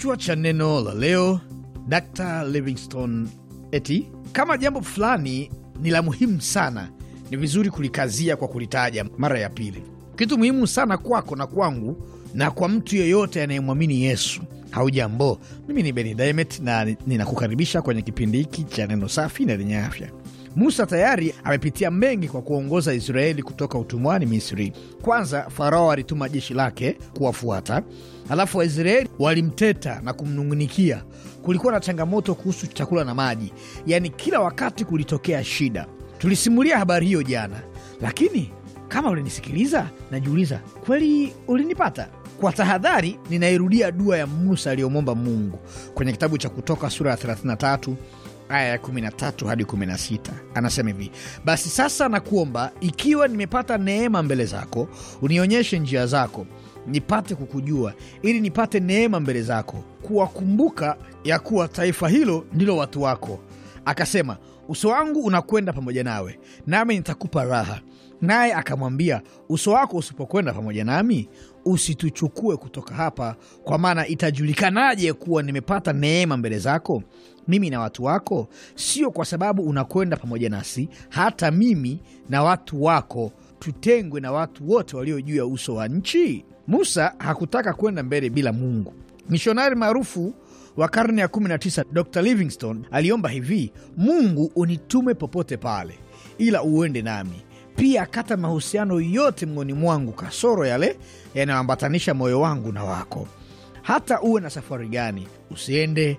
Kichwa cha neno la leo, Dr. Livingstone eti kama jambo fulani ni la muhimu sana, ni vizuri kulikazia kwa kulitaja mara ya pili. Kitu muhimu sana kwako na kwangu na kwa mtu yeyote anayemwamini Yesu. Haujambo, mimi ni Benidamet na ninakukaribisha kwenye kipindi hiki cha neno safi na lenye afya. Musa tayari amepitia mengi kwa kuongoza Israeli kutoka utumwani Misri. Kwanza Farao alituma jeshi lake kuwafuata, alafu Waisraeli walimteta na kumnung'unikia. Kulikuwa na changamoto kuhusu chakula na maji, yaani kila wakati kulitokea shida. Tulisimulia habari hiyo jana, lakini kama ulinisikiliza, najiuliza kweli ulinipata? Kwa tahadhari, ninairudia dua ya Musa aliyomwomba Mungu kwenye kitabu cha Kutoka sura ya 33 aya ya 13 hadi 16 anasema hivi: basi sasa nakuomba, ikiwa nimepata neema mbele zako, unionyeshe njia zako, nipate kukujua, ili nipate neema mbele zako, kuwakumbuka ya kuwa taifa hilo ndilo watu wako. Akasema, uso wangu unakwenda pamoja nawe, nami nitakupa raha. Naye akamwambia, uso wako usipokwenda pamoja nami, usituchukue kutoka hapa, kwa maana itajulikanaje kuwa nimepata neema mbele zako? mimi na watu wako, sio kwa sababu unakwenda pamoja nasi, hata mimi na watu wako tutengwe na watu wote walio juu ya uso wa nchi. Musa hakutaka kwenda mbele bila Mungu. Mishonari maarufu wa karne ya 19 Dr livingston aliomba hivi: Mungu unitume popote pale, ila uende nami pia. Kata mahusiano yote mngoni mwangu, kasoro yale yanayoambatanisha moyo wangu na wako. Hata uwe na safari gani, usiende